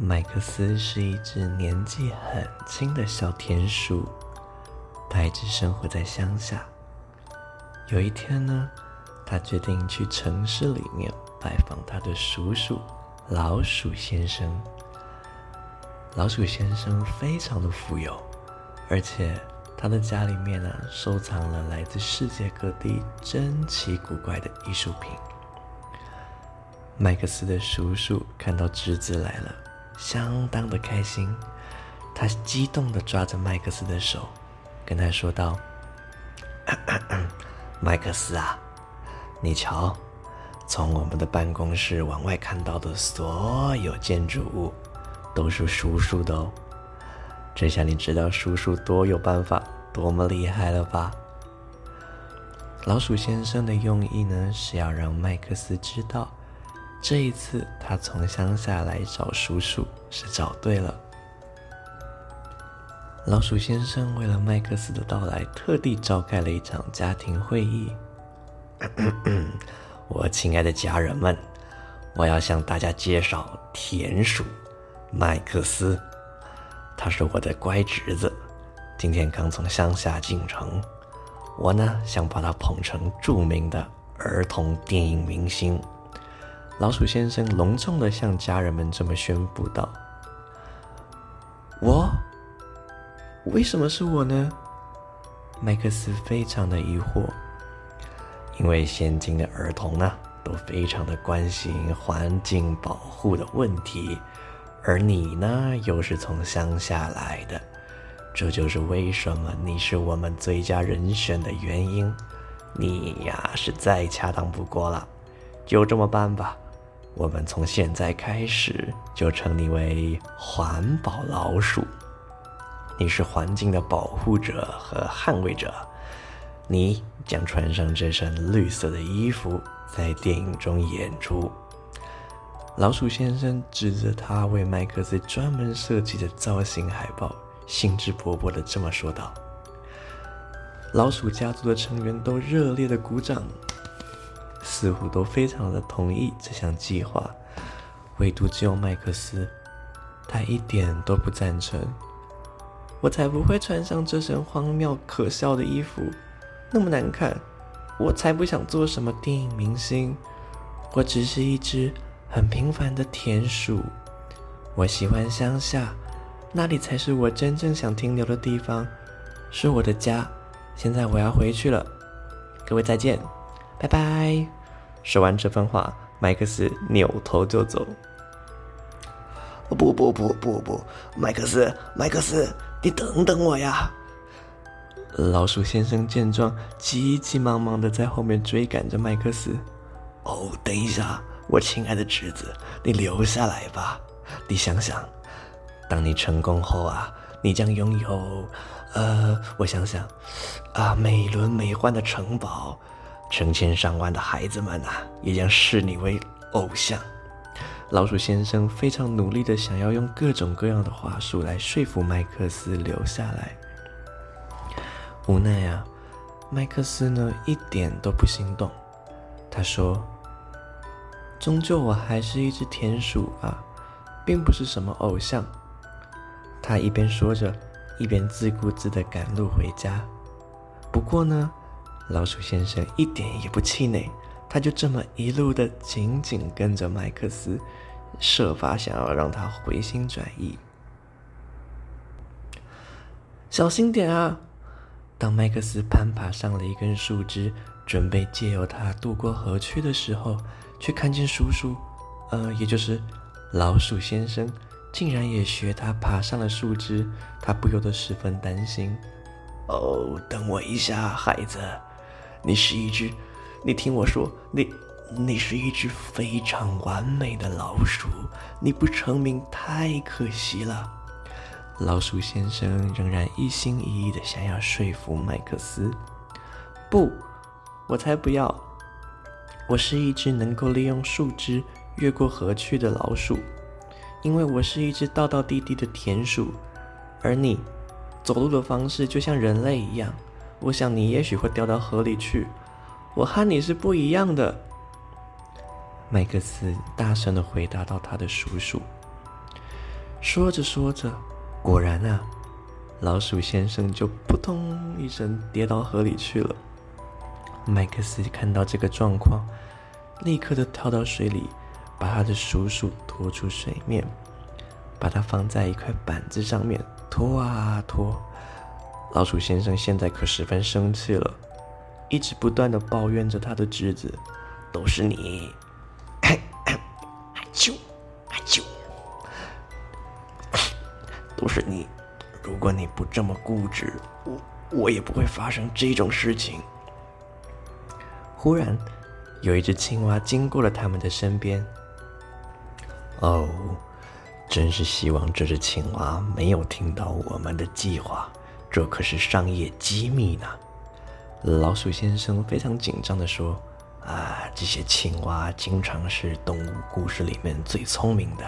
麥克斯是一隻年紀很輕的小田鼠，他一直生活在鄉下。有一天呢，他決定去城市裡面拜訪他的叔叔，老鼠先生。老鼠先生非常的富有，而且他的家裡面呢，啊，收藏了來自世界各地珍奇古怪的藝術品。麥克斯的叔叔看到侄子來了。相當的開心，他激動的抓着麥克斯的手，跟他說道咳咳咳：“麥克斯啊，你瞧，從我們的辦公室往外看到的所有建築物，都是叔叔的哦。這下你知道叔叔多有辦法，多麼厲害了吧？”老鼠先生的用意呢，是要讓麥克斯知道。這一次，他從鄉下來找叔叔，是找對了。老鼠先生為了麥克斯的到來，特地召開了一場家庭會議。咳咳我親愛的家人們，我要向大家介紹田鼠麥克斯，他是我的乖侄子，今天剛從鄉下進城。我呢，想把他捧成著名的兒童電影明星。老鼠先生隆重的向家人們這麼宣布道：“我，為什麼是我呢？”麥克斯非常的疑惑。因為現今的兒童呢，都非常的關心環境保護的問題，而你呢，又是從鄉下來的，這就是為什麼你是我們最佳人選的原因。你呀，是再恰當不過了，就這麼辦吧。我們從現在開始就稱你為環保老鼠，你是環境的保護者和捍衛者。你將穿上這身綠色的衣服，在電影中演出。老鼠先生指着他為麥克斯專門設計的造型海報，興致勃勃地這麼說道。老鼠家族的成員都熱烈地鼓掌。似乎都非常的同意這項計劃，唯獨只有麥克斯，他一點都不贊成。我才不會穿上這身荒謬可笑的衣服，那麼難看。我才不想做什麼電影明星，我只是一隻很平凡的田鼠。我喜歡鄉下，那裡才是我真正想停留的地方，是我的家。現在我要回去了，各位再見。拜拜！說完這番話，麥克斯扭頭就走。不不不不不，麥克斯，麥克斯，你等等我呀！老鼠先生見狀，急急忙忙的在後面追趕着麥克斯。哦，oh, 等一下，我親愛的侄子，你留下來吧。你想想，當你成功後啊，你將擁有，呃，我想想，啊，美輪美奐的城堡。成千上萬的孩子們吶、啊，也將視你為偶像。老鼠先生非常努力的想要用各種各樣的話術來說服麥克斯留下來，無奈啊，麥克斯呢一點都不心動。他說：“終究我還是一隻田鼠啊，並不是什麼偶像。”他一邊說着，一邊自顧自的趕路回家。不過呢。老鼠先生一點也不氣餒，他就這麼一路的緊緊跟着麥克斯，設法想要讓他回心轉意。小心點啊！當麥克斯攀爬上了一根樹枝，準備借由它渡過河去的時候，卻看見叔叔，呃，也就是老鼠先生，竟然也學他爬上了樹枝。他不由得十分擔心。哦，等我一下，孩子。你是一隻，你聽我說，你，你是一隻非常完美的老鼠，你不成名太可惜了。」老鼠先生仍然一心一意的想要說服麥克斯。不，我才不要。我是一隻能夠利用樹枝越過河去的老鼠，因為我是一隻道道地地的田鼠，而你，走路的方式就像人類一樣。我想你也許會掉到河裡去，我和你是不一樣的。”麥克斯大聲的回答到他的叔叔。說着說着，果然啊，老鼠先生就撲通一聲跌到河裡去了。麥克斯看到這個狀況，立刻的跳到水裡，把他的叔叔拖出水面，把它放在一塊板子上面，拖啊拖。老鼠先生現在可十分生氣了，一直不斷的抱怨着他的侄子，都是你，咳咳，阿啾，阿啾，都是你。如果你不這麼固執，我我也不會發生這種事情。忽然，有一隻青蛙經過了他們的身邊。哦，真是希望這隻青蛙沒有聽到我們的計劃。這可是商業機密呢！老鼠先生非常緊張地說：“啊，這些青蛙經常是動物故事裡面最聰明的，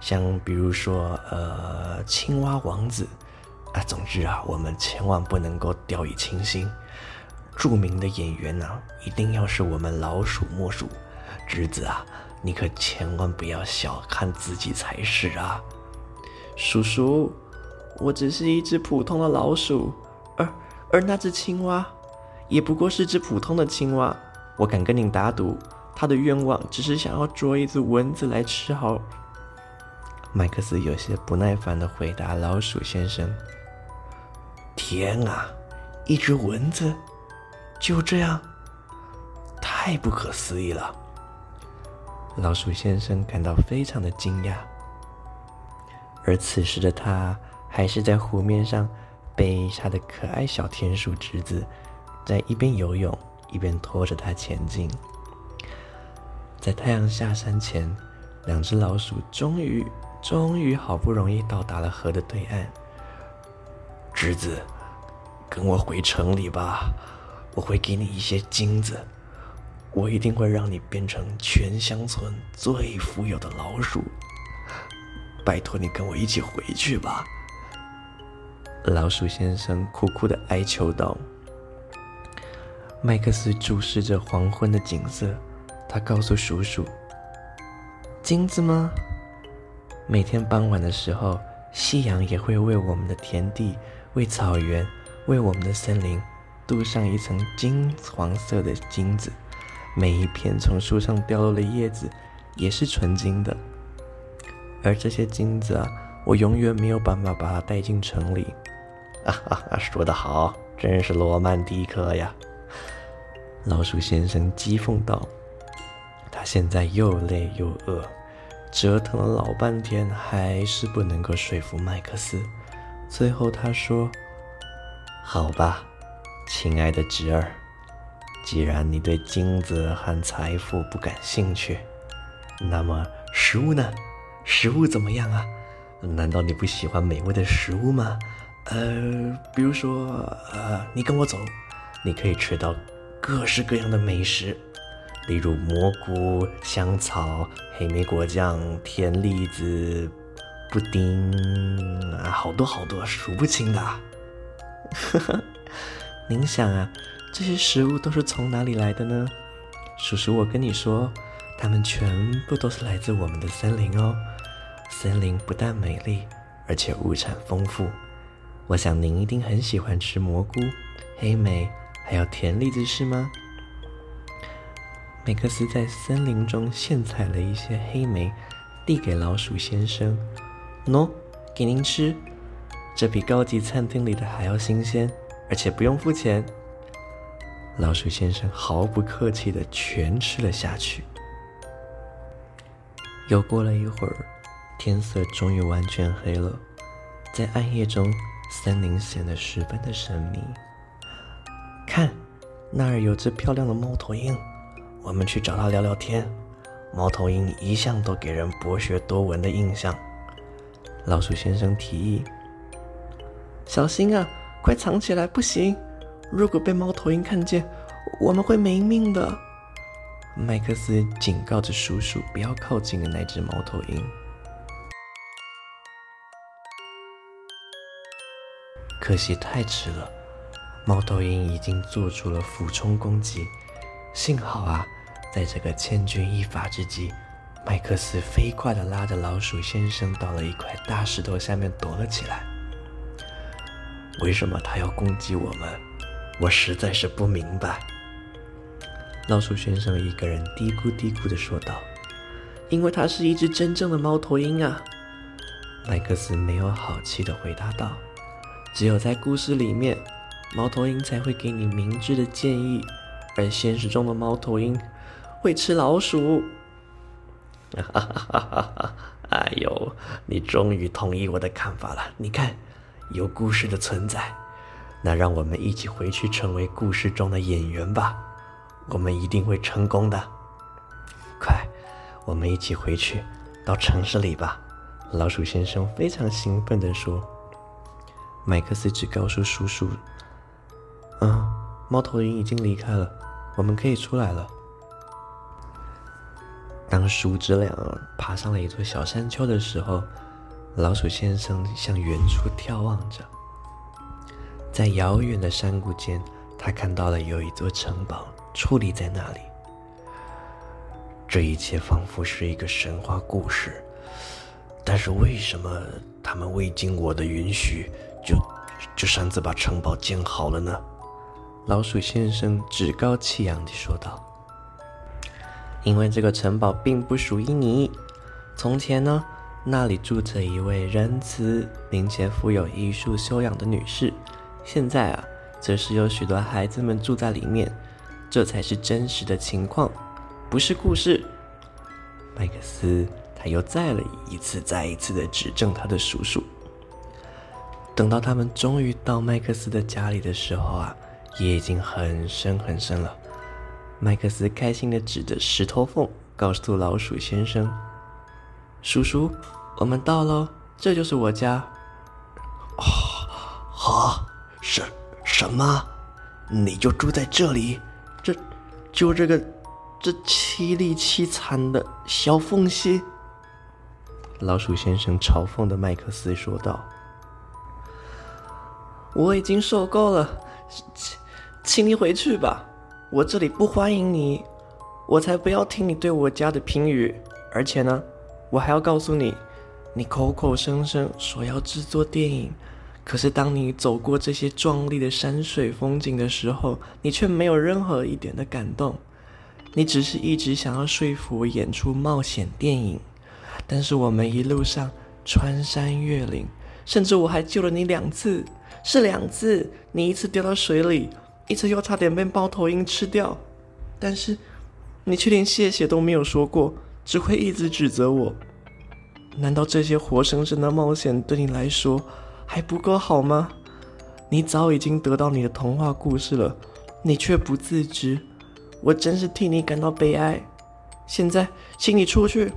像比如說，呃，青蛙王子啊。總之啊，我們千萬不能夠掉以輕心。著名的演員呢，啊，一定要是我們老鼠莫屬。侄子啊，你可千萬不要小看自己才是啊，叔叔。”我只是一隻普通的老鼠，而而那隻青蛙，也不過是隻普通的青蛙。我敢跟您打賭，他的願望只是想要捉一隻蚊子來吃好。麥克斯有些不耐煩地回答老鼠先生：“天啊，一隻蚊子，就這樣，太不可思議了。”老鼠先生感到非常的驚訝，而此時的他。還是在湖面上，被他的可愛小田鼠侄子在一邊游泳一邊拖着他前進。在太陽下山前，兩只老鼠終於終於好不容易到達了河的對岸。侄子，跟我回城裡吧，我會給你一些金子，我一定會讓你變成全鄉村最富有的老鼠。拜托你跟我一起回去吧。老鼠先生苦苦的哀求道：“麥克斯注視着黃昏的景色，他告訴鼠鼠，金子嗎？每天傍晚的時候，夕陽也會為我們的田地、為草原、為我們的森林鍍上一層金黃色的金子。每一片從樹上掉落的葉子也是純金的。而這些金子啊，我永遠沒有辦法把它帶進城裡。”哈哈哈，說得好，真是羅曼蒂克呀！老鼠先生譏諷道：“他現在又累又餓，折騰了老半天，還是不能夠說服麥克斯。最後他說：‘好吧，親愛的侄兒，既然你對金子和財富不感興趣，那麼食物呢？食物怎麼樣啊？難道你不喜歡美味的食物嗎？’”呃，比如說，呃，你跟我走，你可以吃到各式各樣的美食，例如蘑菇、香草、黑莓果醬、甜栗子布丁啊，呃，好多好多數不清的啊。呵呵，您想啊，這些食物都是從哪裡來的呢？叔叔，我跟你說，它們全部都是來自我們的森林哦。森林不但美麗，而且物產豐富。我想您一定很喜歡吃蘑菇、黑莓，還有甜栗子，是嗎？美克斯在森林中現採了一些黑莓，遞給老鼠先生：“喏，給您吃，這比高級餐廳裡的還要新鮮，而且不用付錢。”老鼠先生毫不客氣地全吃了下去。又過了一會兒，天色終於完全黑了，在暗夜中。森林顯得十分的神秘。看，那兒有只漂亮的貓頭鷹，我們去找它聊聊天。貓頭鷹一向都給人博學多聞的印象。老鼠先生提議：“小心啊，快藏起來！不行，如果被貓頭鷹看見，我們會沒命的。”麥克斯警告着叔叔不要靠近那只貓頭鷹。可惜太遲了，貓頭鷹已經做出了俯衝攻擊。幸好啊，在這個千鈞一髮之際，麥克斯飛快地拉着老鼠先生到了一塊大石頭下面躲了起來。為什麼他要攻擊我們？我實在是不明白。老鼠先生一個人嘀咕嘀咕地說道：“因為他是一隻真正的貓頭鷹啊！”麥克斯沒有好氣地回答道。只有在故事裡面，貓頭鷹才會給你明智的建議，而現實中的貓頭鷹會吃老鼠。哈哈哈哈，哎呦，你終於同意我的看法了！你看，有故事的存在，那讓我們一起回去成為故事中的演員吧，我們一定會成功的。快，我們一起回去到城市裡吧！老鼠先生非常興奮的說。麥克斯只告訴叔叔：“啊、嗯，貓頭鷹已經離開了，我們可以出來了。”當叔侄倆爬上了一座小山丘的時候，老鼠先生向遠處眺望着，在遙遠的山谷間，他看到了有一座城堡矗立在那裡。這一切仿佛是一個神話故事，但是為什麼他們未經我的允許？就就擅自把城堡建好了呢，老鼠先生趾高氣揚地說道：“因為這個城堡並不屬於你。從前呢，那裡住着一位仁慈、並且富有藝術修養的女士。現在啊，則是有許多孩子們住在裡面，這才是真實的情況，不是故事。”麥克斯，他又再來一次，再一次的指正他的叔叔。等到他們終於到麥克斯的家裡的時候啊，夜已經很深很深了。麥克斯開心地指着石頭縫，告訴老鼠先生：“叔叔，我們到嘍，這就是我家。哦”“啊，啊，什什麼？你就住在這裡？這，就這個，這淒厲淒慘的小縫隙？”老鼠先生嘲諷的麥克斯說道。我已經受夠了。請請你回去吧，我這裡不歡迎你。我才不要聽你對我家的評語。而且呢，我還要告訴你，你口口聲聲說要制作電影，可是當你走過這些壯麗的山水風景的時候，你卻沒有任何一點的感動。你只是一直想要說服我演出冒險電影，但是我們一路上穿山越嶺，甚至我還救了你兩次。是兩次，你一次掉到水裡，一次又差點被貓頭鷹吃掉，但是你卻連謝謝都沒有說過，只會一直指責我。難道這些活生生的冒險對你來說還不夠好嗎？你早已經得到你的童話故事了，你卻不自知，我真是替你感到悲哀。現在，請你出去，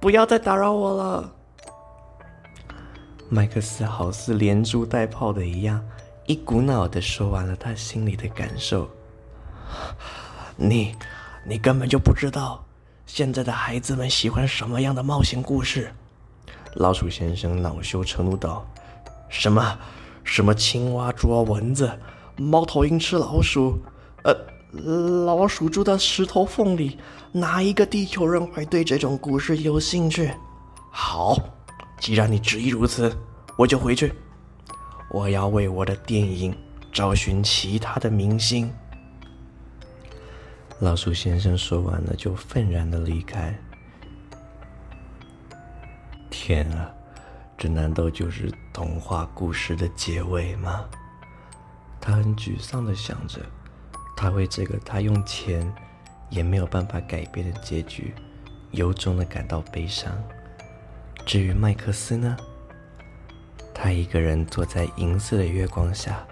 不要再打擾我了。麥克斯好似連珠帶炮的一樣，一股腦的說完了他心裡的感受。你，你根本就不知道，現在的孩子們喜歡什麼樣的冒險故事。老鼠先生惱羞成怒道：“什麼，什麼青蛙捉、啊、蚊子，貓頭鷹吃老鼠，呃，老鼠住到石頭縫裡，哪一個地球人會對這種故事有興趣？”好。既然你執意如此，我就回去。我要為我的電影找尋其他的明星。老鼠先生說完了，就憤然的離開。天啊，這難道就是童話故事的結尾嗎？他很沮喪的想着，他為這個他用錢也沒有辦法改變的結局，由衷的感到悲傷。至於麥克斯呢？他一個人坐在銀色的月光下，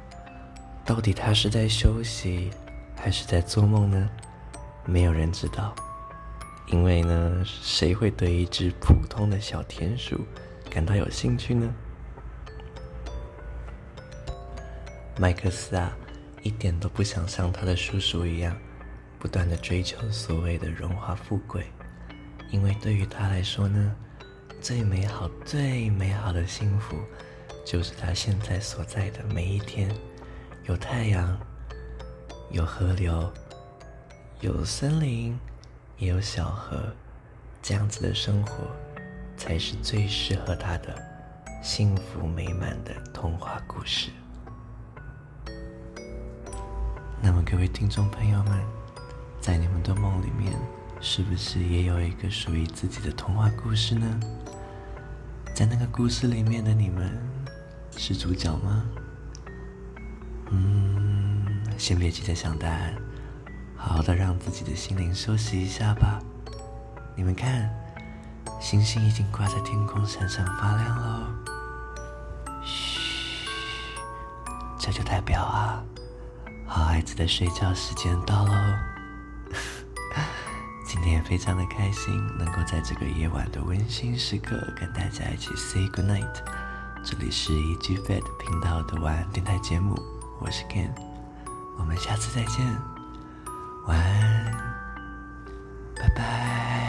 到底他是在休息，還是在做夢呢？沒有人知道，因為呢，誰會對一隻普通的小田鼠感到有興趣呢？麥克斯啊，一點都不想像他的叔叔一樣，不斷的追求所謂的榮華富貴，因為對於他來說呢。最美好、最美好的幸福，就是他現在所在的每一天，有太陽，有河流，有森林，也有小河，這樣子的生活，才是最適合他的幸福美滿的童話故事。那麼，各位聽眾朋友們，在你們的夢裡。是不是也有一個屬於自己的童話故事呢？在那個故事裡面的你們是主角嗎？嗯，先別急着想答案，好好的讓自己的心靈休息一下吧。你們看，星星已經掛在天空閃閃發亮了。噓，這就代表啊，好孩子的睡覺時間到嘍。也非常的開心，能夠在這個夜晚的溫馨時刻跟大家一起 say good night。這裡是伊吉 fat 頻道的晚安電台節目，我是 Ken，我們下次再見，晚安，拜拜。